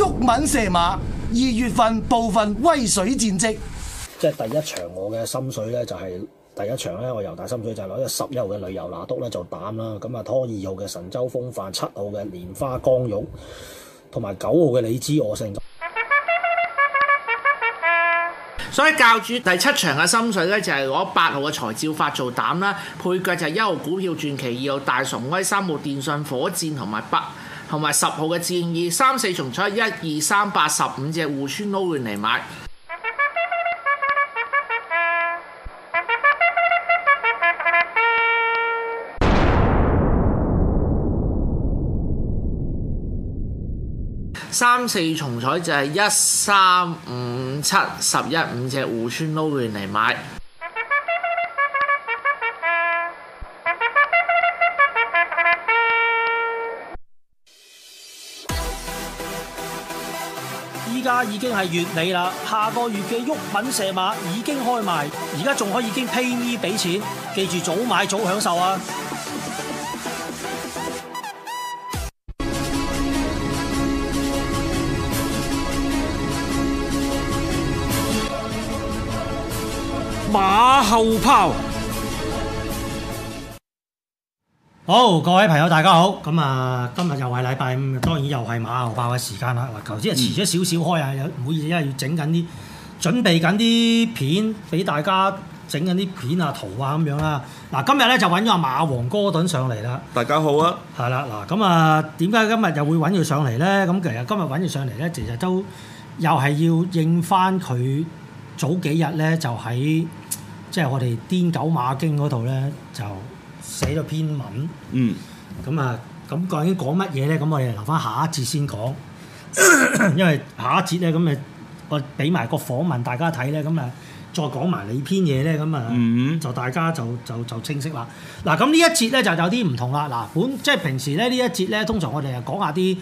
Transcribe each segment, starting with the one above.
毓民射馬二月份部分威水戰績，即係第一場我嘅心水咧，就係第一場咧我尤達心水就攞咗十一號嘅旅遊拿督咧做膽啦，咁啊拖二號嘅神州風範、七號嘅蓮花光玉同埋九號嘅你知我勝，所以教主第七場嘅心水咧就係攞八號嘅財照發做膽啦，配腳就係一號股票傳奇、二號大崇威、三號電信火箭同埋八，同埋十號嘅戰意，三四重彩，一二三八十五隻胡村撈亂嚟買；三四重彩就係一三五七十一五隻胡村撈亂嚟買。依家已經係月尾啦，下個月嘅沃品射馬已經開賣，而家仲可以經 pay me 俾錢，記住早買早享受啊！馬後炮。好，各位朋友，大家好。咁啊，今日又係禮拜五，當然又係馬後砲嘅時間啦。嗱，頭先遲咗少少開啊，有唔好意思，因為要整緊啲準備緊啲片俾大家，整緊啲片啊圖啊咁樣啦。嗱，今日咧就揾咗阿馬王哥頓上嚟啦。大家好啊。係啦，嗱，咁啊，點解今日又會揾佢上嚟咧？咁其實今日揾佢上嚟咧，其實都又係要應翻佢早幾日咧就喺即係我哋癲狗馬經嗰度咧就。寫咗篇文，嗯，咁啊，咁究竟講乜嘢咧？咁我哋留翻下，下一節先講，嗯、因為下一節咧，咁咪我俾埋個訪問大家睇咧，咁咪再講埋你篇嘢咧，咁啊，就大家就就就清晰啦。嗱，咁呢一節咧就有啲唔同啦。嗱，本即係平時咧呢一節咧，通常我哋係講下啲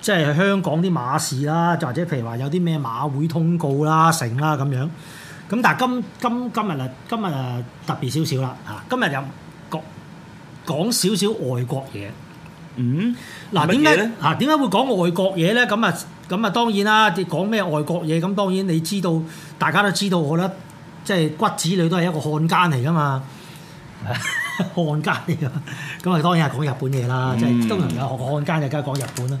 即係香港啲馬事啦，或者譬如話有啲咩馬會通告啦，成啦咁樣。咁但係今今今日啊，今日啊特別少少啦嚇，今日有。講少少外國嘢，嗯，嗱，點解？嗱，點解會講外國嘢咧？咁啊，咁啊當然啦，講咩外國嘢？咁當然你知道，大家都知道我，我咧即係骨子裏都係一個漢奸嚟噶嘛，漢奸嚟噶，咁啊當然係講日本嘢啦，即係都能夠學漢奸，就梗係講日本啦。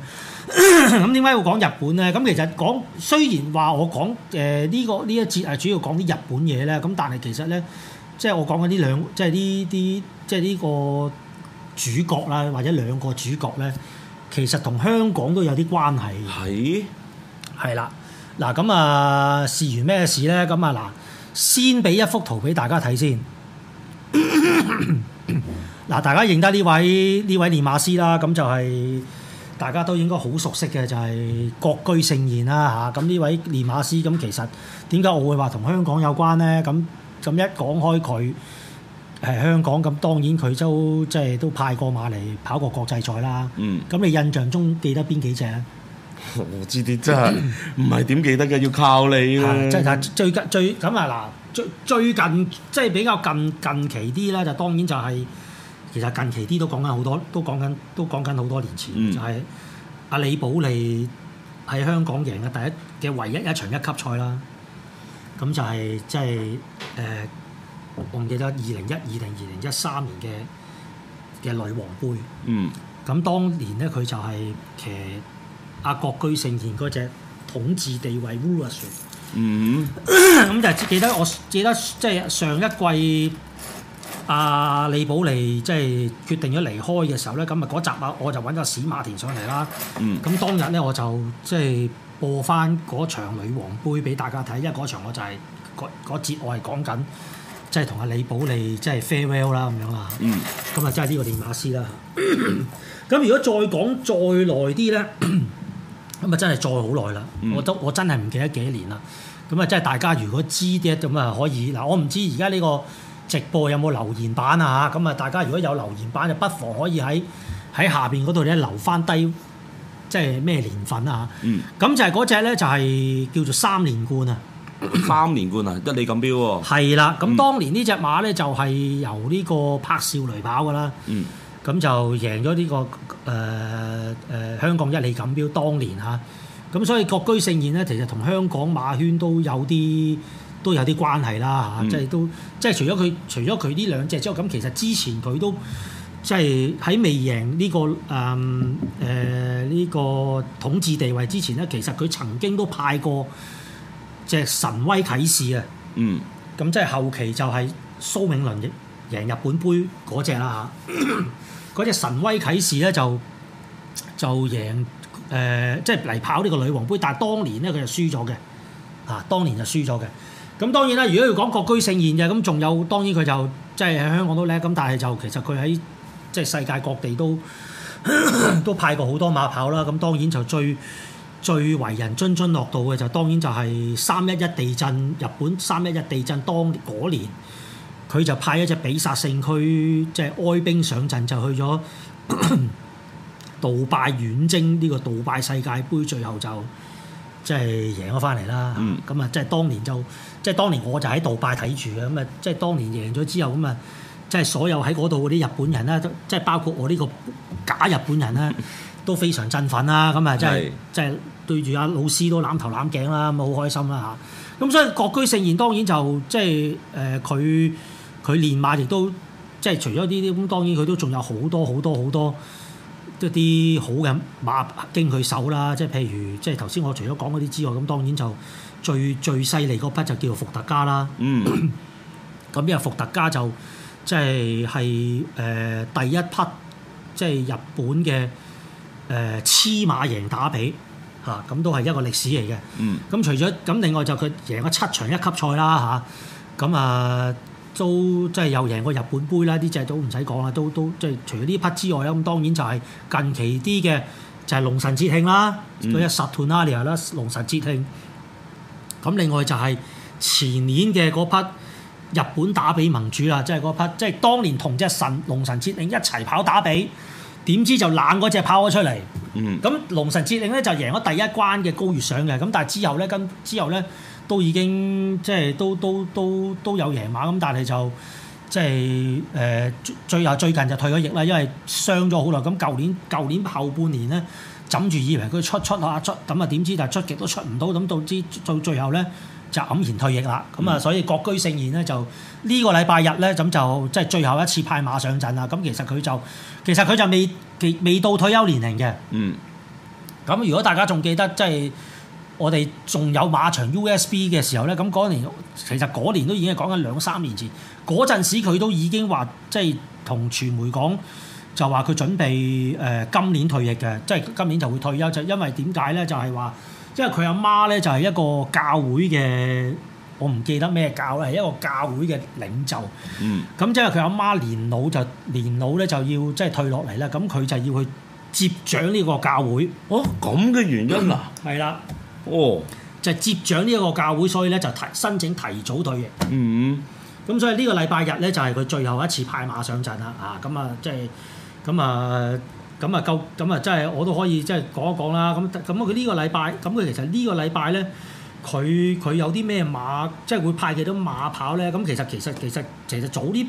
咁點解會講日本咧？咁其實講雖然話我講誒呢個呢一節係，主要講啲日本嘢咧，咁但係其實咧。即係我講緊呢兩，即係呢啲，即係呢個主角啦，或者兩個主角呢，其實同香港都有啲關係。係係啦，嗱咁啊，事緣咩事呢？咁啊嗱，先俾一幅圖俾大家睇先。嗱， 大家認得呢位呢位練馬師啦，咁就係、是、大家都應該好熟悉嘅，就係、是、國居聖賢啦吓，咁呢位練馬師咁，其實點解我會話同香港有關呢？咁咁一講開佢係香港，咁當然佢都即係都派過馬嚟跑過國際賽啦。嗯，咁你印象中記得邊幾隻啊？我知啲真係唔係點記得嘅，要靠你、啊啊、啦。即係最近最咁啊嗱，最最近即係比較近近期啲啦，就當然就係、是、其實近期啲都講緊好多，都講緊都講緊好多年前，嗯、就係、是、阿李寶利喺香港贏嘅第一嘅唯一一,一一場一級賽啦。咁就係即係誒，我唔記得二零一二、二零二零一三年嘅嘅女王杯。嗯。咁當年咧，佢就係騎阿、啊、國居聖賢嗰隻統治地位 rulership。嗯。咁就記記得我記得即係上一季阿、啊、李寶利即係決定咗離開嘅時候咧，咁啊嗰集啊我就揾咗史馬田上嚟啦。嗯。咁當日咧，我就即、就、係、係。就係播翻嗰場女王杯俾大家睇，因為嗰場我就係、是、嗰、那個、節我係講緊，即係同阿李寶利即係 farewell 啦咁樣啦。咁啊真係呢個練馬師啦。咁 如果再講再耐啲咧，咁啊 真係再好耐啦。我都我真係唔記得幾年啦。咁啊真係大家如果知啲咁啊可以嗱、啊，我唔知而家呢個直播有冇留言版啊嚇？咁啊大家如果有留言版，就不妨可以喺喺下邊嗰度咧留翻低。即係咩年份啦、啊、嚇，咁、嗯、就係嗰隻咧就係、是、叫做三連冠啊！三連冠啊，一哩錦標喎、啊。係啦，咁當年隻呢隻馬咧就係、是、由呢個柏少雷跑噶啦，咁、嗯、就贏咗呢、這個誒誒、呃呃、香港一哩錦標。當年嚇、啊，咁所以各居勝宴咧，其實同香港馬圈都有啲都有啲關係啦嚇、嗯，即係都即係除咗佢除咗佢呢兩隻之外，咁其實之前佢都。即係喺未贏呢、呢個誒誒呢個統治地位之前咧，其實佢曾經都派過隻神威啟示啊！嗯，咁即係後期就係蘇永倫贏日本杯嗰隻啦嚇，嗰隻神威啟示咧就就贏誒、呃、即係嚟跑呢個女王杯，但係當年咧佢就輸咗嘅啊，當年就輸咗嘅。咁當然啦，如果要講國居聖賢嘅，咁仲有當然佢就即係喺香港都叻，咁但係就其實佢喺。即係世界各地都咳咳都派過好多馬跑啦，咁當然就最最為人津津樂道嘅就係、當然就係三一一地震，日本三一一地震當年，佢就派一隻比薩聖區，即係哀兵上陣，就去咗杜拜遠征呢、呢個杜拜世界盃，最後就即係、就係、贏咗翻嚟啦。咁啊、嗯，即係當年就即係、就係、當年我就喺杜拜睇住嘅，咁啊，即係當年贏咗之後咁啊。即係所有喺嗰度嗰啲日本人啦，即係包括我呢個假日本人啦， 都非常振奮啦。咁啊，即係是真係對住阿老師都攬頭攬頸啦，咁好開心啦嚇。咁、嗯、所以角居勝彥當然就、呃、即係誒佢佢練馬亦都即係除咗呢啲咁，當然佢都仲有好多好多好多一啲好嘅馬經佢手啦。即係譬如即係頭先我除咗講嗰啲之外，咁當然就最最犀利嗰筆就叫做伏特加啦。咁因為伏特加就。即係係誒第一匹，即係日本嘅誒黐馬贏打比嚇，咁、啊、都係一個歷史嚟嘅。嗯。咁除咗咁，另外就佢贏咗七場一級賽啦嚇。咁啊，啊，都即係又贏過日本杯啦，啲嘢都唔使講啦，都都即係除咗呢匹之外，咁當然就係近期啲嘅就係龍神節慶啦，嗰隻十團阿啦，龍神節慶。咁、嗯、另外就係前年嘅嗰匹。日本打比盟主啊，即係嗰匹，即係當年同隻神龍神節令一齊跑打比，點知就冷嗰隻跑咗出嚟。嗯，咁龍神節令咧就贏咗第一關嘅皐月賞嘅，咁但係之後咧跟之後咧都已經即係都都都都有贏馬，咁但係就即係誒最後最近就退咗役啦，因為傷咗好耐。咁舊年舊年後半年咧，枕住以為佢出出下出，咁啊點知但係就出極都出唔到，咁到至到最後咧。就黯然退役啦，咁啊、嗯，所以角居勝彥咧就呢、這個禮拜日咧，咁就即係最後一次派馬上陣啦。咁其實佢就其實佢就未未到退休年齡嘅。嗯。咁如果大家仲記得即係、就是、我哋仲有馬場 USB 嘅時候咧，咁嗰年其實嗰年都已經係講緊兩三年前嗰陣時，佢都已經話即係同傳媒講，就話、是、佢準備誒、呃、今年退役嘅，即、就、係、是、今年就會退休。就因為點解咧？就係話。即係佢阿媽咧，就係一個教會嘅，我唔記得咩教咧，係一個教會嘅領袖。嗯。咁即係佢阿媽年老就年老咧就要即係退落嚟啦，咁佢就要去接掌呢個教會。哦，咁嘅原因啊，係啦了，哦，就係接掌呢一個教會，所以咧就提申請提早退役。嗯。咁所以呢個禮拜日咧就係佢最後一次派馬上陣啦。啊，咁啊，即係咁啊。咁啊，夠咁啊，真係我都可以，即係講一講啦。咁咁佢呢個禮拜，咁佢其實呢個禮拜咧，佢佢有啲咩馬，即係會派幾多馬跑咧？咁其實其實其實其實早呢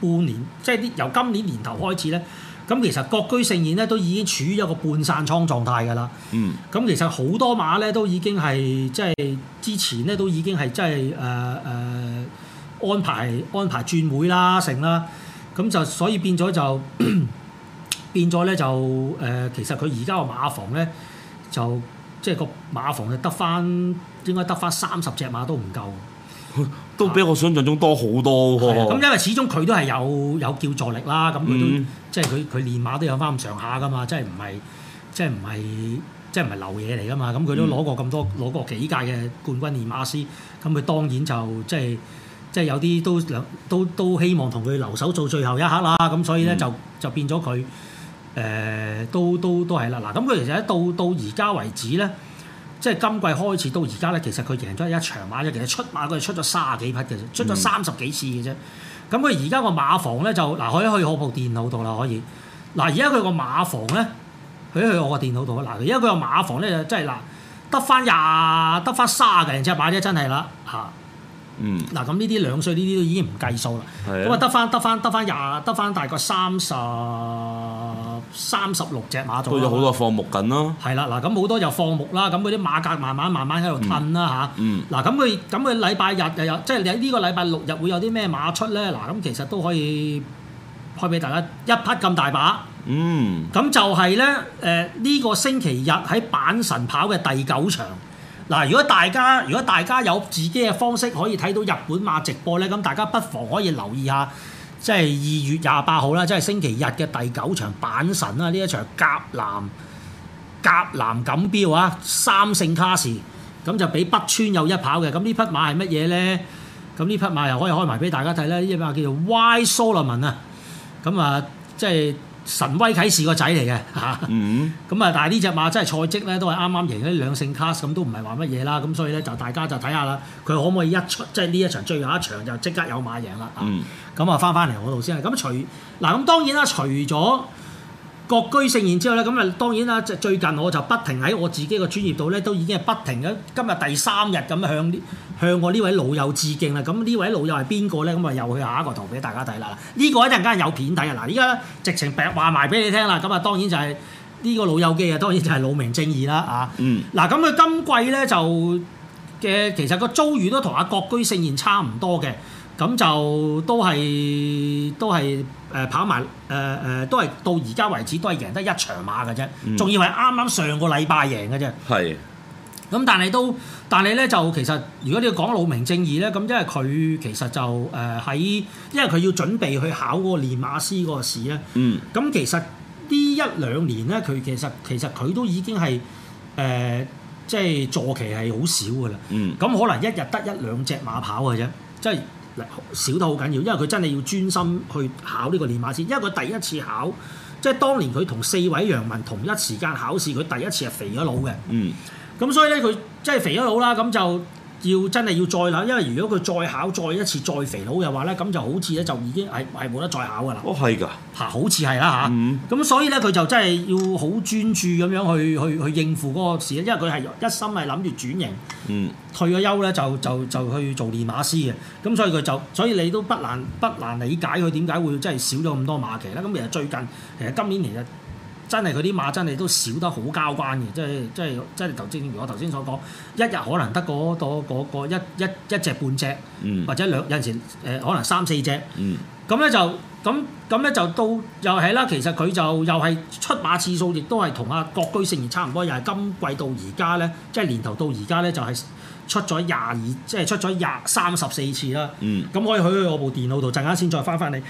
半年，即係啲由今年年頭開始咧，咁其實各居盛宴咧都已經處於一個半散倉狀態㗎啦。嗯。咁其實好多馬咧都已經係即係之前咧都已經係即係誒誒安排安排轉會啦，成啦。咁就所以變咗就。 變咗咧就誒、呃，其實佢而家個馬房咧就即係個馬房，就得返應該得返三十隻馬都唔夠，都比我想像中多好多。咁、啊啊、因為始終佢都係有有叫助力啦，咁佢都、嗯、即係佢佢練馬都有返咁上下㗎嘛，即係唔係即係唔係即係唔係流嘢嚟㗎嘛。咁佢都攞過咁多攞、嗯、過幾屆嘅冠軍練馬師，咁佢當然就即係即係有啲都都都、都希望同佢留守到最後一刻啦。咁所以咧就就變咗佢。誒、嗯、都都都係啦！嗱，咁佢其實到到而家為止咧，即係今季開始到而家咧，其實佢贏咗一場馬啫。其實出馬佢出咗卅幾匹嘅，出咗三十幾次嘅啫。咁佢而家個馬房咧就嗱，可以去我部電腦度啦，可以。嗱、啊，而家佢個馬房咧，去去我電腦度啦，嗱，而家佢個馬房咧，得翻廿，得翻馬就真係嗱，得翻廿，得翻卅嘅，人隻馬啫，真係啦嚇。嗯。嗱，咁呢啲兩歲呢啲都已經唔計數啦。咁、嗯、對啊，得翻得翻得翻廿，得翻大概三十。三十六隻馬在，多咗好多放牧緊咯。係啦，嗱，咁好多就放牧啦，咁嗰啲馬格慢慢慢慢喺度褪啦吓，嗯，嗱，咁佢咁佢禮拜日又有即係呢個禮拜六日會有啲咩馬出咧？嗱、啊、咁其實都可以開俾大家一匹咁大把。嗯，咁就係咧誒呢個星期日喺阪神跑嘅第九場。嗱、啊，如果大家如果大家有自己嘅方式可以睇到日本馬直播咧，咁大家不妨可以留意下。即係二月廿八號啦，即係星期日嘅第九場阪神啦，呢一場甲南甲南錦標啊，三勝卡士，咁就畀北川有一跑嘅，咁呢匹馬係乜嘢咧？咁呢匹馬又可以開埋俾大家睇咧，呢一匹馬叫做 Y Solomon 啊，咁啊，即係。神威啟示個仔嚟嘅嚇，咁啊、mm，hmm. 但係呢隻馬真係賽績咧都係啱啱贏嗰啲兩勝卡，咁都唔係話乜嘢啦，咁所以咧就大家就睇下啦，佢可唔可以一出即係呢一場最後一場就即刻有馬贏啦，咁、mm hmm. 啊返返嚟我度先啦，咁除嗱咁當然啦，除咗。國居盛然之後咧，咁啊當然啦，最最近我就不停喺我自己嘅專業度咧，都已經係不停嘅。今日第三日咁向呢向我呢位老友致敬啦。咁呢位老友係邊個咧？咁啊又去下一個圖俾大家睇啦。呢個一陣間有片睇嘅嗱，而家直情話埋俾你聽啦。咁啊當然就係呢個老友記，當然就係老名正義啦啊。嗯。嗱，咁佢今季咧就嘅其實個遭遇都同阿國居盛然差唔多嘅。咁就都係都係誒跑埋誒誒，都係、呃呃、到而家為止都係贏得一場馬嘅啫，仲要係啱啱上個禮拜贏嘅啫。係是。咁但係都但係咧，就其實如果你講老名正義咧，咁因為佢其實就誒喺、呃，因為佢要準備去考嗰個練馬師個試咧。嗯。咁其實呢一兩年咧，佢其實其實佢都已經係誒即係坐騎係好少嘅啦。嗯。咁可能一日得一兩隻馬跑嘅啫，即、就、係、是。就是少得好緊要，因為佢真係要專心去考呢個練馬師，因為佢第一次考，即係當年佢同四位洋民同一時間考試，佢第一次係肥咗佬嘅。嗯，咁所以咧，佢即係肥咗佬啦，咁就。要真係要再考，因為如果佢再考再一次再肥佬嘅話咧，咁就好似咧就已經係係冇得再考㗎啦。哦，係㗎，嚇，好似係啦嚇。咁、啊、所以咧，佢就真係要好專注咁樣去去去應付嗰個事，因為佢係一心係諗住轉型。嗯，退咗休咧就就就，就去做練馬師嘅，咁所以佢就所以你都不難不難理解佢點解會真係少咗咁多馬騎咧。咁其實最近其實今年其實。真係佢啲馬真係都少得好交關嘅，即係即係即係，就正如我頭先所講，一日可能得嗰個嗰個、嗰個嗰個、一一一,一隻半隻，或者兩有陣時誒、呃、可能三四隻。咁咧、嗯、就咁咁咧就到又係啦，其實佢就又係出馬次數亦都係同阿國居勝賢差唔多，又係今季到而家咧，即係年頭到而家咧就係出咗廿二，即係出咗廿三十四次啦。咁可以去，去，去我部電腦度，陣間先再返返嚟。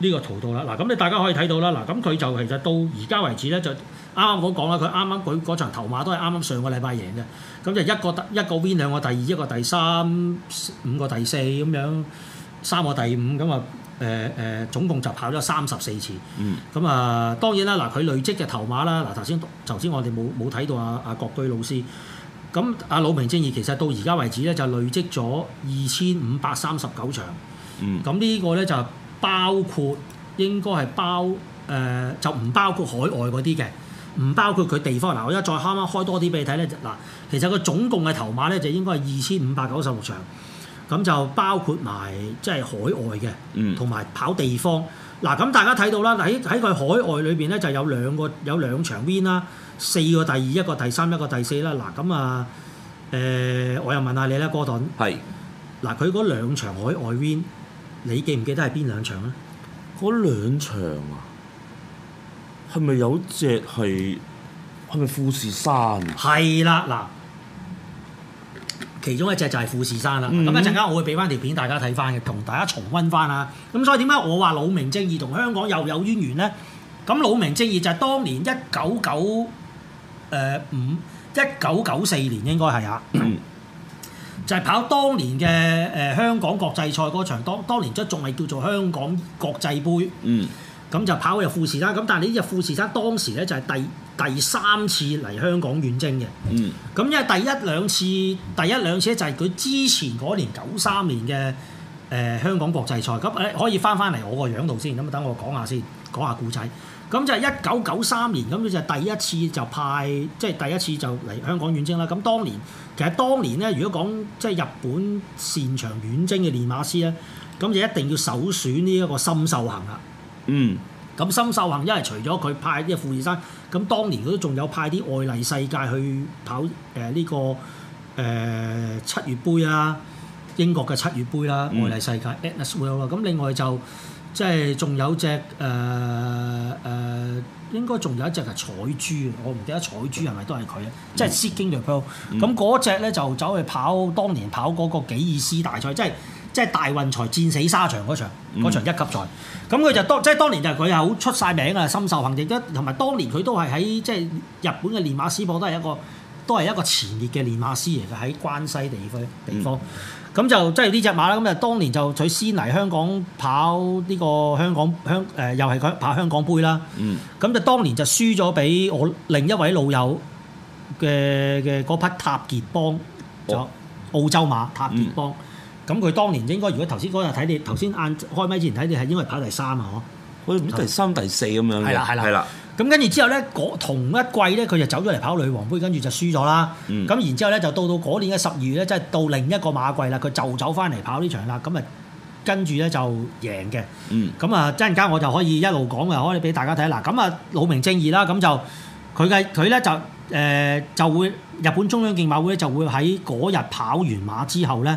呢個圖度啦，嗱咁你大家可以睇到啦，嗱咁佢就其實到而家為止咧，就啱啱我講啦，佢啱啱佢嗰場頭馬都係啱啱上個禮拜贏嘅，咁就一個一個 win 兩個第二，一個, 2, 一個第三五個第四咁樣三個第五，咁啊誒誒總共就跑咗三十四次，咁啊、嗯、當然啦，嗱佢累積嘅頭馬啦，嗱頭先頭先我哋冇冇睇到啊阿郭居老師，咁阿老名精義其實到而家為止咧就累積咗二千五百三十九場，咁、嗯、呢個咧就。包括應該係包誒、呃、就唔包括海外嗰啲嘅，唔包括佢地方嗱。我而家再啱啱開多啲俾你睇咧，嗱，其實個總共嘅頭馬咧就應該係二千五百九十六場，咁就包括埋即係海外嘅，同埋跑地方。嗱、嗯，咁大家睇到啦，喺喺佢海外裏邊咧就有兩個有兩場 win 啦，四個第二，一個第三，一個第四啦。嗱，咁啊誒，我又問下你咧，哥頓是，係嗱，佢嗰兩場海外 win。你記唔記得係邊兩場咧？嗰兩場啊，係咪有隻係係咪富士山啊？係啦，嗱，其中一隻就係富士山啦。咁一陣間我會俾翻條片大家睇翻嘅，同大，大家重溫翻啦。咁所以點解我話老明正義同香港又有淵源呢？咁老明正義就係當年一九九誒五一九九四年應該係啊。嗯就係跑當年嘅誒、呃、香港國際賽嗰場，當,當年即仲係叫做香港國際杯。嗯，咁就跑入富士山。咁但係呢隻富士山當時咧就係第第三次嚟香港遠征嘅。嗯，咁因為第一兩次、第一兩次就係佢之前嗰年九三年嘅誒、呃、香港國際賽。咁誒可以返返嚟我個樣度先。咁等我講下先，講下故仔。咁就係一九九三年，咁佢就係第一次就派，即、就、係、是、第一次就嚟香港遠征啦。咁當年。其實當年咧，如果講即係日本擅長遠征嘅練馬師咧，咁就一定要首選呢一個森秀行啦。嗯。咁森秀行因為除咗佢派啲富士山，咁當年佢都仲有派啲外嚟世界去跑誒呢個誒、呃、七月杯啦，英國嘅七月杯啦，外嚟、嗯、世界。嗯。咁另外就。即係仲有隻誒誒、呃呃，應該仲有一隻係彩珠，我唔記得彩珠係咪都係佢啊！即係 Shooting Leopard。咁嗰隻咧就走是去、嗯、跑，當年跑嗰個幾爾斯大賽，即係即係大運財戰死沙場嗰場嗰場一級賽。咁佢、嗯、就當即係當年就佢係好出晒名啊！深受幸敬，同埋當年佢都係喺即係日本嘅練馬師博都係一個都係一個前列嘅練馬師嚟嘅喺關西地區地方。嗯咁就即係呢隻馬啦，咁啊當年就取先嚟香港跑呢個香港香誒，又係佢跑香港杯啦。嗯。咁就當年就輸咗俾我另一位老友嘅嘅嗰匹塔杰邦，就、哦、澳洲馬塔杰邦。咁佢、嗯、當年應該如果頭先嗰日睇你頭先晏開咪之前睇你係應該係跑第三啊，嗬、嗯？佢第三以第四咁樣嘅。係啦，係啦，係啦。咁跟住之後咧，同一季咧，佢就走咗嚟跑女王杯，跟住就輸咗啦。咁、嗯、然之後咧，就到到嗰年嘅十二月咧，即係到另一個馬季啦。佢就走返嚟跑呢場啦。咁啊，跟住咧就贏嘅。咁啊，一陣間我就可以一路講嘅，可以俾大家睇。嗱，咁啊老明正義啦。咁就佢嘅佢咧就誒、呃、就會日本中央競馬會咧就會喺嗰日跑完馬之後咧。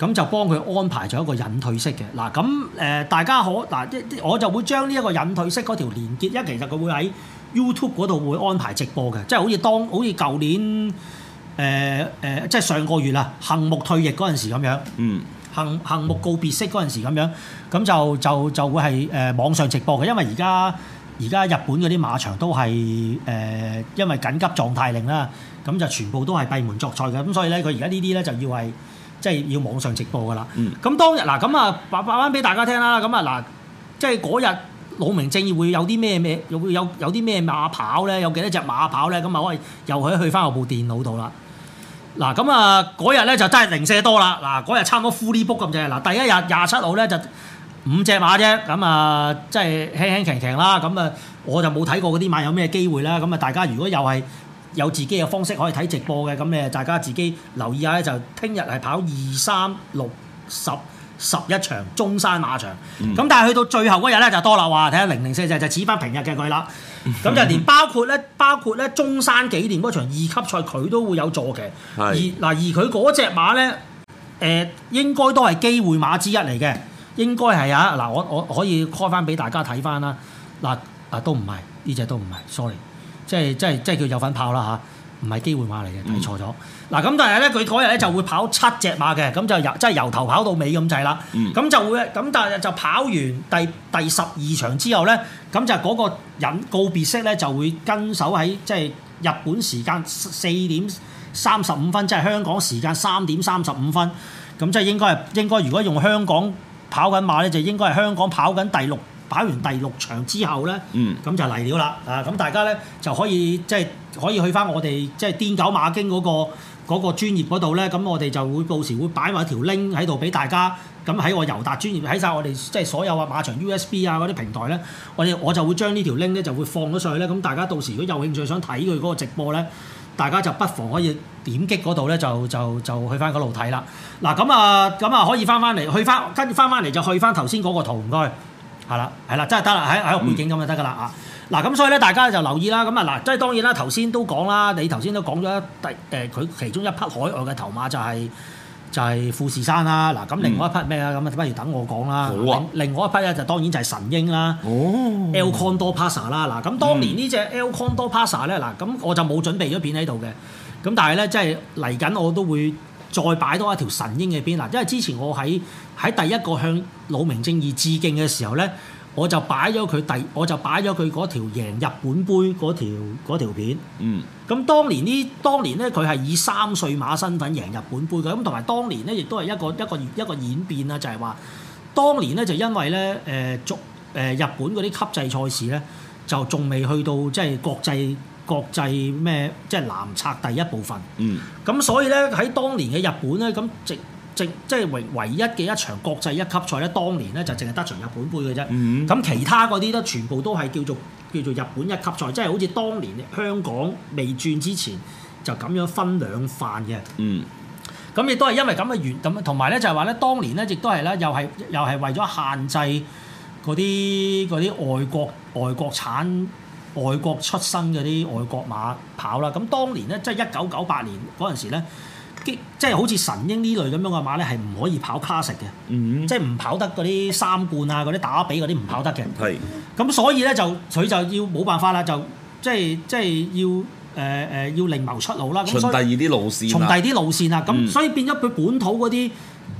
咁就幫佢安排咗一個引退式嘅嗱，咁誒、呃、大家可嗱，即、呃、我就會將呢一個引退式嗰條連結咧，因為其實佢會喺 YouTube 嗰度會安排直播嘅，即係好似當好似舊年誒誒、呃呃，即係上個月啊，杏目退役嗰陣時咁樣，嗯，杏杏目告別式嗰陣時咁樣，咁就就就，就會係誒、呃、網上直播嘅，因為而家而家日本嗰啲馬場都係誒、呃、因為緊急狀態令啦，咁就全部都係閉門作賽嘅，咁所以咧佢而家呢啲咧就要係。即係要網上直播㗎啦。咁、嗯、當日嗱，咁啊，白白翻俾大家聽啦。咁啊，嗱，即係嗰日老明正義會有啲咩咩，有會有有啲咩馬跑咧？有幾多隻馬跑咧？咁啊，我又可去去翻我部電腦度啦。嗱，咁啊，嗰日咧就真係零舍多啦。嗱，嗰日差唔多 full book 咁啫。嗱，第一日廿七號咧就五隻馬啫。咁啊，即係輕輕騎騎啦。咁啊，我就冇睇過嗰啲馬有咩機會啦。咁啊，大家如果又係。有自己嘅方式可以睇直播嘅，咁誒大家自己留意下咧，就聽日係跑二三六十十一場中山馬場，咁、嗯、但係去到最後嗰日咧就多啦喎，睇下零零四隻就似翻平日嘅佢啦，咁、嗯、就連包括咧包括咧中山紀念嗰場二級賽佢都會有坐騎是，而嗱而佢嗰隻馬咧誒應該都係機會馬之一嚟嘅，應該係啊嗱我我可以開翻俾大家睇翻啦，嗱啊都唔係呢隻都唔係，sorry。即係即係即係叫有份跑啦嚇，唔、啊、係機會馬嚟嘅，睇錯咗。嗱咁、嗯啊、但係咧，佢嗰日咧就會跑七隻馬嘅，咁就由即係、就是、由頭跑到尾咁滯啦。咁、嗯、就會咁但係就跑完第第十二場之後咧，咁就嗰個引告別式咧就會跟手喺即係日本時間四點三十五分，即係香港時間三點三十五分。咁即係應該係應該，如果用香港跑緊馬咧，就應該係香港跑緊第六。擺完第六場之後咧，咁、嗯、就嚟了啦。啊，咁大家呢，就可以即係、就是、可以去翻我哋即係癲狗馬經嗰、那個嗰、那個專頁嗰度呢。咁我哋就會到時會擺埋條 link 喺度俾大家。咁喺我尤達專頁喺晒我哋即係所有啊馬場 USB 啊嗰啲平台呢，我哋我就會將呢條 link 咧就會放咗上去呢。咁大家到時如果有興趣想睇佢嗰個直播呢，大家就不妨可以點擊嗰度呢，就就就去翻嗰度睇啦。嗱咁啊咁啊，啊可以翻翻嚟去翻跟住翻翻嚟就去翻頭先嗰個圖，唔該。係啦，係啦，真係得啦，喺喺個背景咁就得㗎啦啊！嗱，咁所以咧，大家就留意啦。咁啊，嗱，即係當然啦，頭先都講啦，你頭先都講咗第誒佢其中一匹海外嘅頭馬就係、是、就係、是、富士山啦。嗱、啊，咁另外一匹咩啊？咁啊、嗯，不如等我講啦。好另外一匹咧，就當然就係神鷹啦。哦、El Condor Pasa 啦、啊，嗱，咁當年呢隻 El Condor Pasa 咧、啊，嗱，咁我就冇準備咗片喺度嘅。咁、啊、但係咧，即係嚟緊我都會再擺多一條神鷹嘅片啦、啊，因為之前我喺喺第一個向老明正義致敬嘅時候呢，我就擺咗佢第，我就擺咗佢嗰條贏日本杯嗰條、嗰條片。嗯，咁當年呢，當年呢佢係以三歲馬身份贏日本杯嘅。咁同埋當年呢，亦都係一個一個一個演變啦，就係話當年呢，就因為呢誒，仲、呃、誒、呃、日本嗰啲級制賽事呢，就仲未去到即係國際國際咩，即係南策第一部分。嗯，咁所以呢，喺當年嘅日本呢。咁直。即係唯唯一嘅一場國際一級賽咧，當年咧就淨係得場日本杯嘅啫。咁、嗯、其他嗰啲都全部都係叫做叫做日本一級賽，即係好似當年香港未轉之前就咁樣分兩範嘅。咁亦都係因為咁嘅原因，同埋咧就係話咧，當年咧亦都係咧，又係又係為咗限制嗰啲嗰啲外國外國產外國出生嗰啲外國馬跑啦。咁當年咧即係一九九八年嗰陣時咧。即係好似神鷹呢類咁樣嘅馬咧，係唔可以跑卡食嘅，即係唔跑得嗰啲三冠啊、嗰啲打比嗰啲唔跑得嘅。係、呃，咁所以咧就佢就要冇辦法啦，就即係即係要誒誒要另謀出路啦。所以循第二啲路線，循第二啲路線啊！咁、嗯、所以變咗佢本土嗰啲。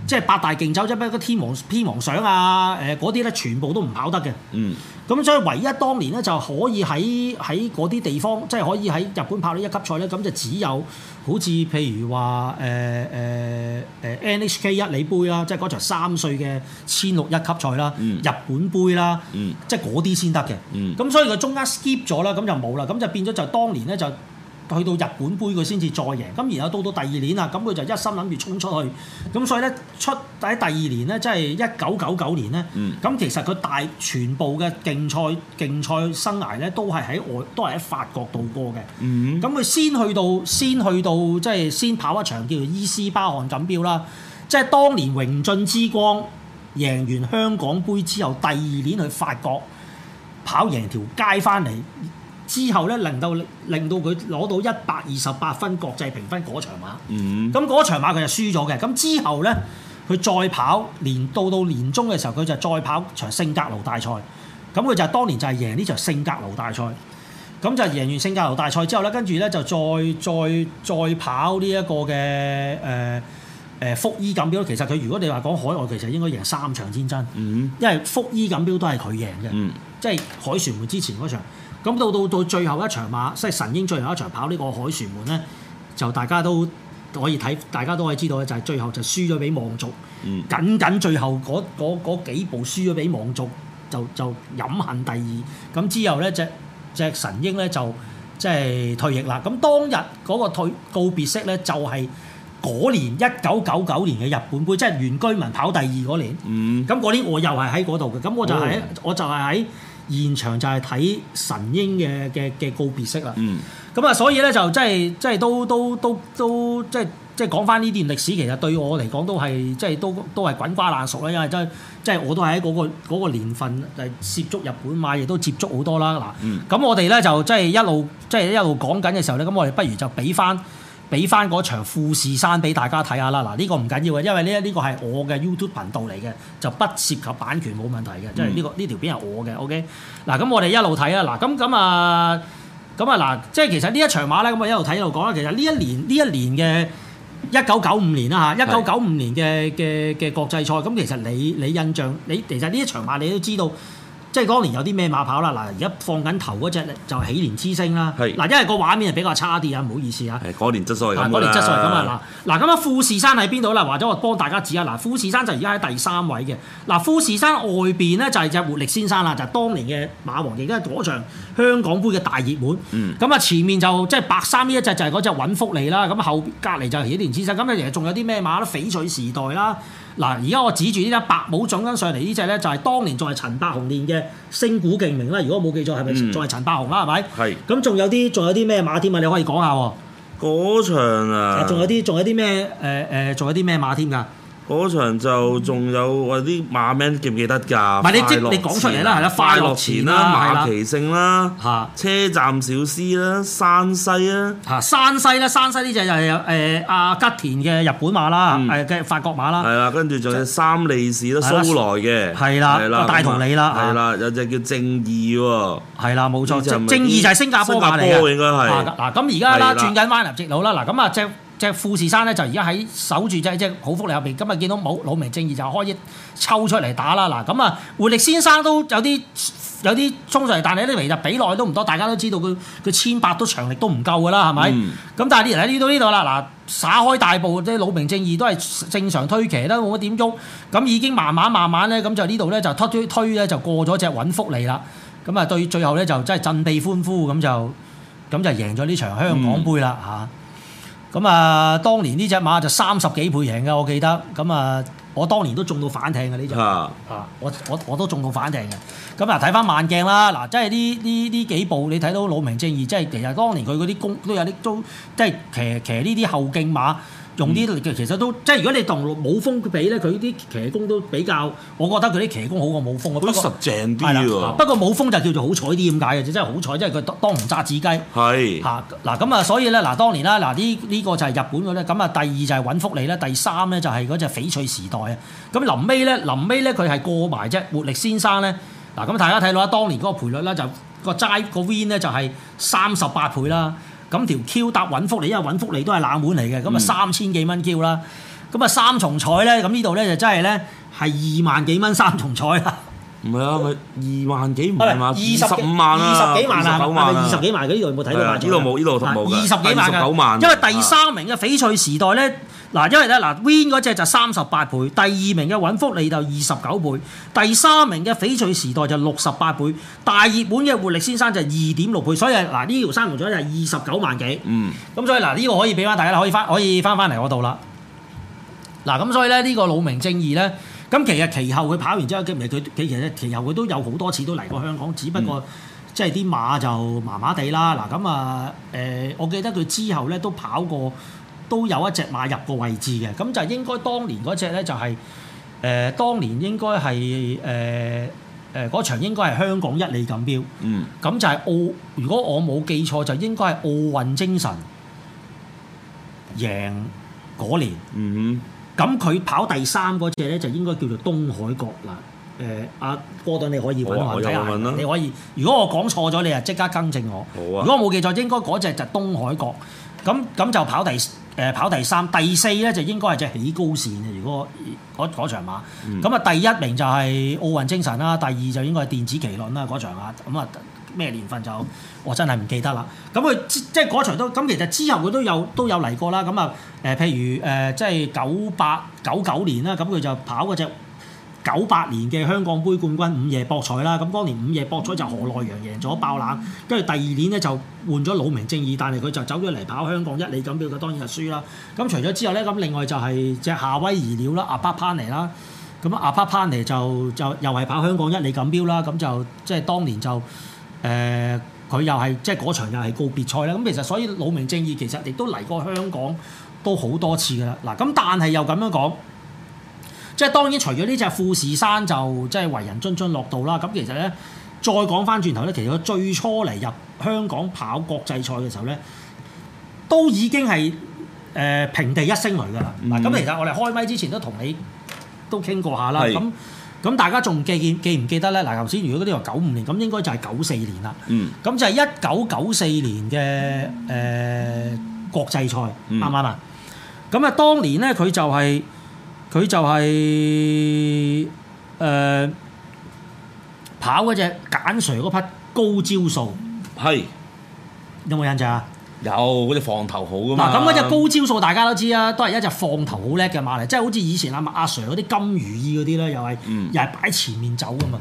即係八大競走即係咩？個天皇天皇賞啊，誒嗰啲咧全部都唔跑得嘅。嗯。咁所以唯一當年咧就可以喺喺嗰啲地方，即、就、係、是、可以喺日本跑到一級賽咧，咁就只有好似譬如話誒誒、呃、誒、呃呃、NHK 一哩杯啦，即係嗰場三歲嘅千六一級賽啦，嗯、日本杯啦，即係嗰啲先得嘅。嗯。咁、嗯、所以佢中間 skip 咗啦，咁就冇啦，咁就變咗就當年咧就。去到日本杯佢先至再贏。咁然後到到第二年啊，咁佢就一心諗住衝出去，咁所以呢，出喺第二年呢，即係一九九九年呢，咁其實佢大全部嘅競賽競賽生涯呢，都係喺外，都係喺法國度過嘅。咁佢先去到先去到即係先跑一場叫做伊斯巴汗錦標啦，即係當年榮進之光贏完香港杯之後第二年去法國跑贏條街翻嚟。之後咧，能夠令到佢攞到一百二十八分國際評分嗰場馬，咁嗰、嗯嗯、場馬佢就輸咗嘅。咁之後咧，佢再跑，年到到年終嘅時候，佢就再跑場聖格盧大賽。咁佢就係、當年就係贏呢場聖格盧大賽。咁就贏完聖格盧大賽之後咧，跟住咧就再再再跑呢一個嘅誒誒福伊錦標。其實佢如果你話講海外，其實應該贏三場戰爭，嗯嗯因為福伊錦標都係佢贏嘅，即係、嗯、凱旋門之前嗰場。咁到到到最後一場馬，即係神鷹最後一場跑呢個凱旋門咧，就大家都可以睇，大家都可以知道咧，就係、是、最後就輸咗俾望族，僅僅最後嗰幾步輸咗俾望族，就就飲恨第二。咁之後咧，隻隻神鷹咧就即係、就是、退役啦。咁當日嗰個退告別式咧，就係、是、嗰年一九九九年嘅日本杯，即、就、係、是、原居民跑第二嗰年。咁嗰、嗯、年我又係喺嗰度嘅，咁我就係、是哦、我就係喺。現場就係睇神鷹嘅嘅嘅告別式啦，咁啊、嗯，所以咧就即係即係都都都都即係即係講翻呢段歷史，其實對我嚟講都係即係都都係滾瓜爛熟啦，因為真係即係我都係喺嗰個年份就係涉足日本買，亦都接觸好多啦。嗱、嗯，咁、啊、我哋咧就即係一路即係、即係、一路講緊嘅時候咧，咁我哋不如就俾翻。俾翻嗰場富士山俾大家睇下啦！嗱，呢個唔緊要嘅，因為呢呢個係我嘅 YouTube 頻道嚟嘅，就不涉及版權冇問題嘅、嗯這個 okay？即係呢個呢條片係我嘅。OK，嗱，咁我哋一路睇啊！嗱，咁咁啊，咁啊嗱，即係其實呢一場馬咧，咁我一路睇一路講啦。其實呢一年呢一年嘅一九九五年啦嚇，一九九五年嘅嘅嘅國際賽，咁其實你你印象，你其實呢一場馬你都知道。即係嗰年有啲咩馬跑啦，嗱而家放緊頭嗰隻咧就係喜連之星啦，嗱是因為個畫面係比較差啲啊，唔好意思啊，嗰年質素係咁啊，嗰年質素係咁啊，嗱嗱咁啊富士山喺邊度啦？或者我幫大家指下。嗱富士山就而家喺第三位嘅，嗱富士山外邊咧就係隻活力先生啦，就係、是、當年嘅馬王，而家係嗰場香港杯嘅大熱門，咁啊、嗯、前面就即係、就是、白衫呢一隻就係嗰隻穩福利啦，咁後隔離就係喜連之星，咁咧其實仲有啲咩馬咧？翡翠時代啦。嗱，而家我指住呢隻白馬走緊上嚟呢隻咧，就係當年仲係陳百雄練嘅星古勁明啦。如果冇記錯，係咪仲係陳百雄啦？係咪、嗯？係。咁仲是有啲，仲有啲咩馬添啊？你可以講下喎。嗰場啊！仲有啲，仲有啲咩？誒、呃、誒，仲有啲咩馬添㗎？嗰場就仲有啊啲馬名記唔記得㗎？唔係你即係你講出嚟啦，係啦，快樂錢啦，馬其勝啦，哈，車站小師啦，山西啦，哈，山西啦，山西呢隻就係誒阿吉田嘅日本馬啦，法國馬啦，係啦，跟住仲有三利士啦，蘇來嘅，係啦，係啦，大同利啦，係啦，有隻叫正義喎，係啦，冇錯，正正義就係新加坡馬嚟嘅。應該係，嗱咁而家啦，轉緊彎入直路啦，嗱咁啊即。隻富士山咧就而家喺守住，即係好福利入邊。今日見到冇老名正義就開始抽出嚟打啦。嗱咁啊，活力先生都有啲有啲衝上嚟，但係呢，其實比耐都唔多。大家都知道佢佢千百都長力都唔夠㗎啦，係咪？咁、嗯、但係啲人喺呢到呢度啦，嗱耍開大步，即係老名正義都係正常推騎啦，冇乜點喐。咁已經慢慢慢慢咧，咁就呢度咧就推推咧就過咗隻穩福利啦。咁啊，對最後咧就真係震地歡呼，咁就咁就贏咗呢場香港杯啦嚇。嗯嗯咁啊，當年呢隻馬就三十幾倍贏嘅，我記得。咁啊，我當年都中到反艇嘅呢隻。啊，啊我我我都中到反艇嘅。咁啊，睇翻慢鏡啦，嗱、啊，即係呢呢呢幾步你睇到老名正義，即係其實當年佢嗰啲功都有啲都，即係騎騎呢啲後勁馬。用啲其實其實都即係如果你同武豐比咧，佢啲騎功都比較，我覺得佢啲騎功好過武豐。都實正啲啊！不過武豐就叫做好彩啲咁解嘅，啫，即係好彩，即係佢當紅炸子雞。係嚇嗱咁啊，所以咧嗱，當年啦嗱，呢、這、呢個就係日本嘅啲咁啊。第二就係揾福利咧，第三咧就係嗰隻翡翠時代啊。咁臨尾咧，臨尾咧佢係過埋啫，活力先生咧嗱。咁大家睇到啦，當年嗰個賠率啦，就是、個齋個 win 咧就係三十八倍啦。咁條 Q 搭揾福利，因為揾福利都係冷門嚟嘅，咁啊、嗯、三千幾蚊 Q 啦，咁啊三重彩咧，咁呢度咧就真係咧係二萬幾蚊三重彩啦。唔係啊！咪二萬幾萬啊，二十五萬啦，二十幾萬啊，二十幾萬，呢度有冇睇到？呢度冇，呢度冇。二十幾萬九萬。因為第三名嘅翡翠時代咧，嗱，因為咧嗱，Win 嗰隻就三十八倍，第二名嘅穩福利就二十九倍，第三名嘅翡翠時代就六十八倍，大熱門嘅活力先生就二點六倍。所以嗱，呢條生條組就係二十九萬幾。咁所以嗱，呢個可以俾翻大家，可以翻可以翻翻嚟嗰度啦。嗱，咁所以咧，呢個老明正義咧。咁其實其後佢跑完之後，佢其實其後佢都有好多次都嚟過香港，只不過即係啲馬就麻麻地啦。嗱，咁啊，誒，我記得佢之後咧都跑過，都有一隻馬入個位置嘅。咁就應該當年嗰隻咧就係、是、誒、呃，當年應該係誒誒嗰場應該係香港一哩錦標。嗯。咁就係奧，如果我冇記錯，就應該係奧運精神贏嗰年。嗯。咁佢跑第三嗰隻咧就應該叫做東海角啦。誒、啊，阿哥頓你可以揾、啊、看我睇下，你可以。如果我講錯咗，你啊即刻更正我。好啊、如果我冇記錯，應該嗰隻就東海角。咁咁就跑第誒跑第三，第四咧就應該係隻起高線。如果嗰嗰場馬，咁啊、嗯、第一名就係奧運精神啦，第二就應該係電子奇論啦嗰場啊。咁啊。咩年份就我真係唔記得啦。咁佢即係嗰場都咁，其實之後佢都有都有嚟過啦。咁啊誒，譬如誒，即係九八九九年啦，咁佢就跑嗰隻九八年嘅香港杯冠軍午夜博彩啦。咁當年午夜博彩就河內洋贏咗爆冷，跟住第二年咧就換咗老名正義，但係佢就走咗嚟跑香港一哩錦標，佢當然係輸啦。咁除咗之後咧，咁另外就係隻夏威夷鳥啦，阿帕潘尼啦。咁阿帕潘尼就就又係跑香港一哩錦標啦，咁就即係當年就。誒佢又係即係嗰場又係告別賽啦，咁其實所以老名正義其實亦都嚟過香港都好多次噶啦，嗱咁但係又咁樣講，即係當然除咗呢隻富士山就即係為人津津樂道啦，咁其實咧再講返轉頭咧，其實佢最初嚟入香港跑國際賽嘅時候咧，都已經係誒、呃、平地一聲雷噶啦，嗱咁、嗯、其實我哋開咪之前都同你都傾過下啦，咁。咁大家仲記記唔記得呢？嗱，頭先如果嗰啲話九五年，咁應該就係九四年啦。嗯，咁就係一九九四年嘅誒國際賽，啱唔啱啊？咁啊，當年呢，佢就係、是、佢就係、是、誒、呃、跑嗰隻簡誰簡 Sir 嗰匹高招數，係是有冇印象啊？有嗰隻放頭好噶嘛？嗱，咁嗰隻高招數大家都知啦，都係一隻放頭好叻嘅馬嚟，即係好似以前阿阿 Sir 嗰啲金如意嗰啲啦，又係、嗯、又係擺前面走噶嘛。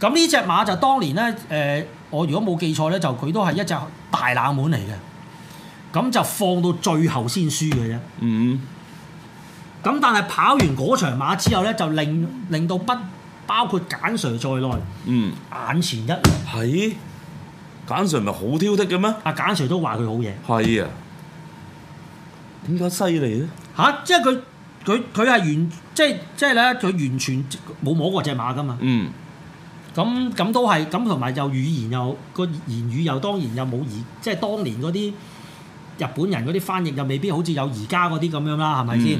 咁呢隻馬就當年咧，誒、呃，我如果冇記錯咧，就佢都係一隻大冷門嚟嘅。咁就放到最後先輸嘅啫。嗯。咁但係跑完嗰場馬之後咧，就令令到不包括簡 Sir 在內，嗯，眼前一亮。簡 Sir 咪好挑剔嘅咩？阿、啊、簡 Sir 都話佢好嘢。係啊，點解犀利咧？嚇、啊！即係佢佢佢係完即係即係咧，佢完全冇摸過隻馬噶嘛。嗯。咁咁都係，咁同埋又語言又個言語又當然又冇而即係當年嗰啲日本人嗰啲翻譯又未必好似有而家嗰啲咁樣啦，係咪先？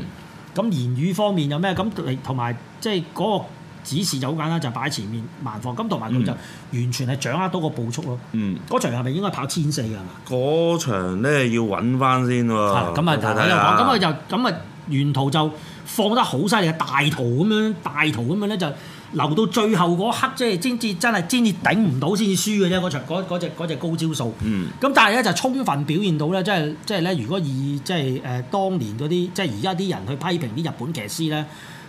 咁言語方面有咩？咁同埋即係嗰、那個只是好簡單，就擺前面慢放。咁同埋佢就完全係掌握到個步速咯。嗯，嗰場係咪應該跑千四㗎？嗱，嗰場咧要揾翻先喎。咁看啊就，就咁啊就咁啊，沿途就放得好犀利，嘅大圖咁樣，大圖咁樣咧就留到最後嗰刻，即係先至真係先至頂唔到先至輸嘅啫。嗰場嗰嗰只只高招數。咁、嗯、但係咧就充分表現到咧，即係即係咧，如果以即係誒當年嗰啲，即係而家啲人去批評啲日本騎師咧。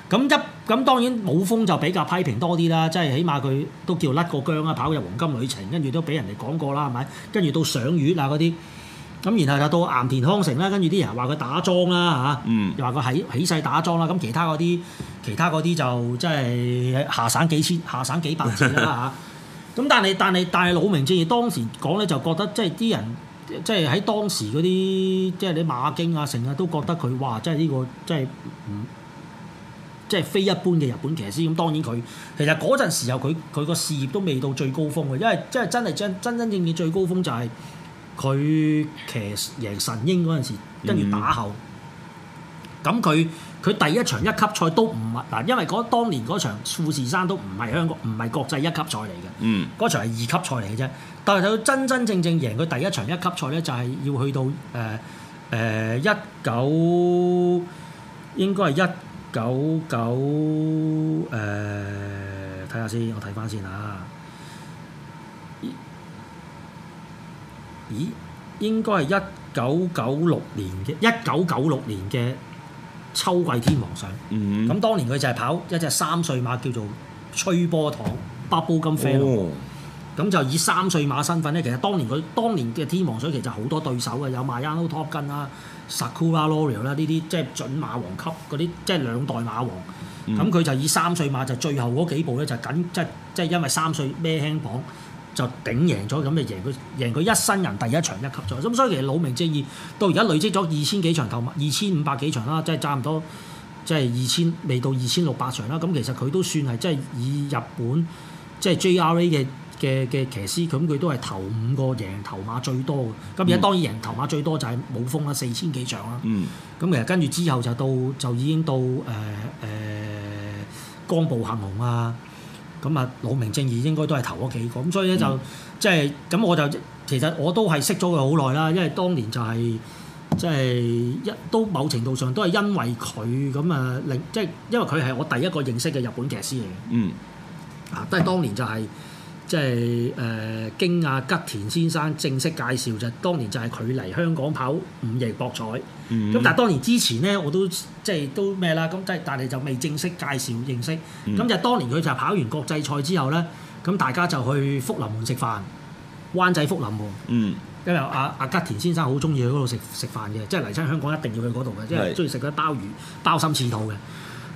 咁一咁當然武豐就比較批評多啲啦，即係起碼佢都叫甩個薑啦，跑入黃金旅程，跟住都俾人哋講過啦，係咪？跟住到上月啊嗰啲，咁然後就到岩田康城啦，跟住啲人話佢打裝啦嚇，嗯、又話佢起起勢打裝啦、啊，咁其他嗰啲其他嗰啲就即係下省幾千下省幾百次啦嚇。咁 但係但係但係老明正義當時講咧就覺得即係啲人即係喺當時嗰啲即係你馬經啊成日都覺得佢哇即係呢、呢個真係唔～即係非一般嘅日本騎師，咁當然佢其實嗰陣時候佢佢個事業都未到最高峰嘅，因為即係真係真真真正正最高峰就係佢騎贏神鷹嗰陣時，跟住打後。咁佢佢第一場一級賽都唔係嗱，因為嗰當年嗰場富士山都唔係香港，唔係國際一級賽嚟嘅。嗯，嗰場係二級賽嚟嘅啫。但係佢真真正正贏佢第一場一級賽咧，就係、是、要去到誒誒一九應該係一九九誒，睇下先，我睇翻先啊！咦？應該係一九九六年嘅，一九九六年嘅秋季天皇賞。咁、mm hmm. 當年佢就係跑一隻三歲馬，叫做吹波糖，b b b u 八寶金啡。Oh. 咁就以三歲馬身份咧，其實當年佢當年嘅天皇賞其實好多對手嘅，有 Mayano Top Gun 啦、Sakura Laurel 啦呢啲，即係準馬王級嗰啲，即係、就是、兩代馬王。咁佢、嗯、就以三歲馬就最後嗰幾步咧，就緊即係即係因為三歲孭輕磅就頂贏咗，咁就贏佢贏佢一生人第一場一級賽。咁所以其實老明之意到而家累積咗二千幾場頭馬，二千五百幾場啦，即、就、係、是、差唔多即係、就是、二千未到二千六百場啦。咁其實佢都算係即係以日本即係、就是、J R A 嘅。嘅嘅騎師，咁佢都係頭五個贏頭馬最多嘅。咁而家當然贏頭馬最多就係武豐啦，四千幾場啦。嗯。咁其實跟住之後就到就已經到誒誒、呃呃、江部幸雄啊。咁啊，老明正義應該都係頭嗰幾個。咁所以咧就即係咁，嗯就是、我就其實我都係識咗佢好耐啦。因為當年就係即係一都某程度上都係因為佢咁啊令即係因為佢係我第一個認識嘅日本騎師嚟嘅。嗯。啊，都係當年就係、是。即係誒、呃、經阿吉田先生正式介紹就是，當年就係佢嚟香港跑五贏博彩。咁、嗯、但係當年之前呢，我都即係都咩啦？咁即係但係就未正式介紹認識。咁就、嗯、當年佢就跑完國際賽之後呢，咁大家就去福臨門食飯，灣仔福臨門。嗯，因為阿、啊、阿吉田先生好中意去嗰度食食飯嘅，即係嚟親香港一定要去嗰度嘅，即係中意食嗰啲鮑魚、鮑參翅肚嘅。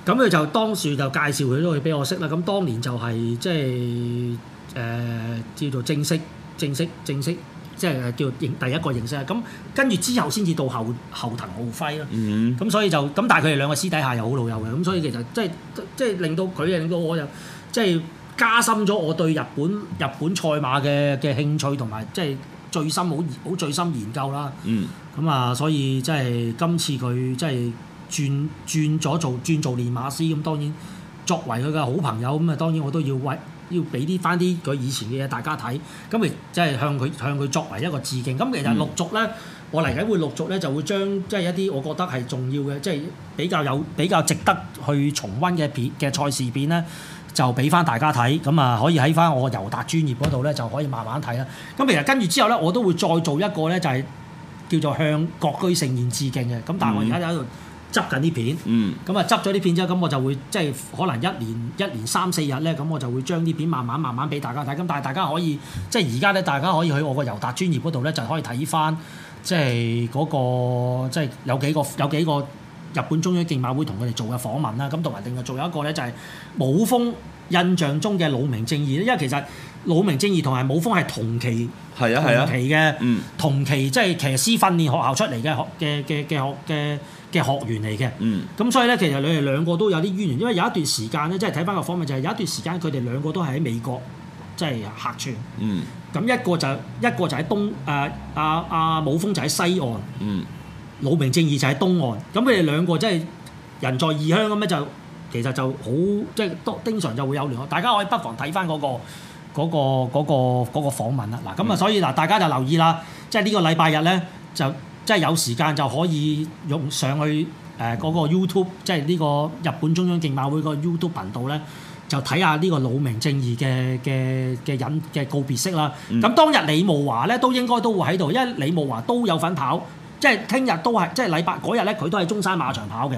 咁佢就當時就介紹佢都去俾我識啦。咁當年就係、是、即係。誒、呃、叫做正式、正式、正式，即係叫第一個認識啦。咁跟住之後先至到後後藤浩輝啦。咁、mm hmm. 所以就咁，但係佢哋兩個私底下又好老友嘅。咁所以其實即係即係令到佢啊，令到我又即係加深咗我對日本日本賽馬嘅嘅興趣同埋即係最深好好最深研究啦。咁啊、mm，hmm. 所以即、就、係、是、今次佢即係轉轉咗做轉做練馬師咁，當然作為佢嘅好朋友咁啊，當然我都要為。要俾啲翻啲佢以前嘅嘢大家睇，咁咪即係向佢向佢作為一個致敬。咁其實陸續咧，我嚟緊會陸續咧就會將即係一啲我覺得係重要嘅，即係比較有比較值得去重溫嘅片嘅賽事片咧，就俾翻大家睇。咁啊，可以喺翻我尤達專業嗰度咧，就可以慢慢睇啦。咁其實跟住之後咧，我都會再做一個咧，就係叫做向各區盛宴致敬嘅。咁但係我而家就喺度。執緊啲片，咁啊執咗啲片之後，咁我就會即係可能一年一年三四日咧，咁我就會將啲片慢慢慢慢俾大家睇。咁但係大家可以即係而家咧，大家可以去我個尤達專業嗰度咧，就可以睇翻即係嗰個即係有幾個有幾個日本中央競馬會同佢哋做嘅訪問啦。咁同埋另外仲有一個咧，就係武風印象中嘅老明正義，因為其實。老明正義同埋武峰係同期，係啊係啊同期嘅，嗯、同期即係騎師訓練學校出嚟嘅學嘅嘅嘅學嘅嘅學員嚟嘅。咁、嗯、所以咧，其實你哋兩個都有啲淵源，因為有一段時間咧，即係睇翻個訪問就係、是、有一段時間佢哋兩個都係喺美國，即係客串。咁、嗯、一個就一個就喺東誒阿阿武峰就喺西岸，嗯、老明正義就喺東岸。咁佢哋兩個即係人在異鄉咁咧，就其實就好即係多經常就會有聯絡。大家可以不妨睇翻嗰個。嗰、那個嗰、那個嗰、那個、訪問啦，嗱咁啊，所以嗱，大家就留意啦，即係呢個禮拜日咧，就即係有時間就可以用上去誒嗰、呃那個 YouTube，即係呢個日本中央競馬會個 YouTube 頻道咧，就睇下呢個老明正義嘅嘅嘅引嘅告別式啦。咁、嗯、當日李慕華咧都應該都會喺度，因為李慕華都有份跑，即係聽日都係即係禮拜嗰日咧，佢都喺中山馬場跑嘅，咁、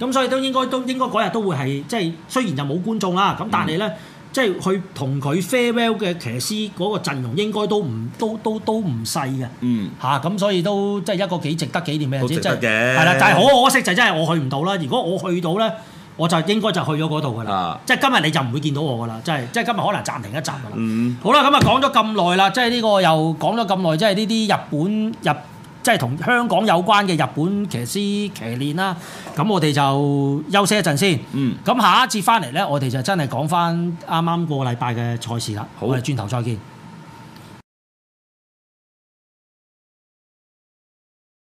嗯、所以都應該都應該嗰日都會係即係雖然就冇觀眾啦，咁但係咧。嗯即係去同佢 farewell 嘅騎師嗰個陣容應該都唔都都都唔細嘅，嗯，嚇咁、啊、所以都即係一個幾值得紀念嘅嘢先，係啦，但係好可惜就真係我去唔到啦。如果我去到咧，我就應該就去咗嗰度噶啦，是的 即係今日你就唔會見到我噶啦，真係，即係今日可能暫停一集噶啦。嗯、好啦，咁啊講咗咁耐啦，即係呢個又講咗咁耐，即係呢啲日本日。即係同香港有關嘅日本騎師騎練啦，咁我哋就休息一陣先。嗯，咁下一節翻嚟呢，我哋就真係講翻啱啱個禮拜嘅賽事啦。好的，我哋轉頭再見。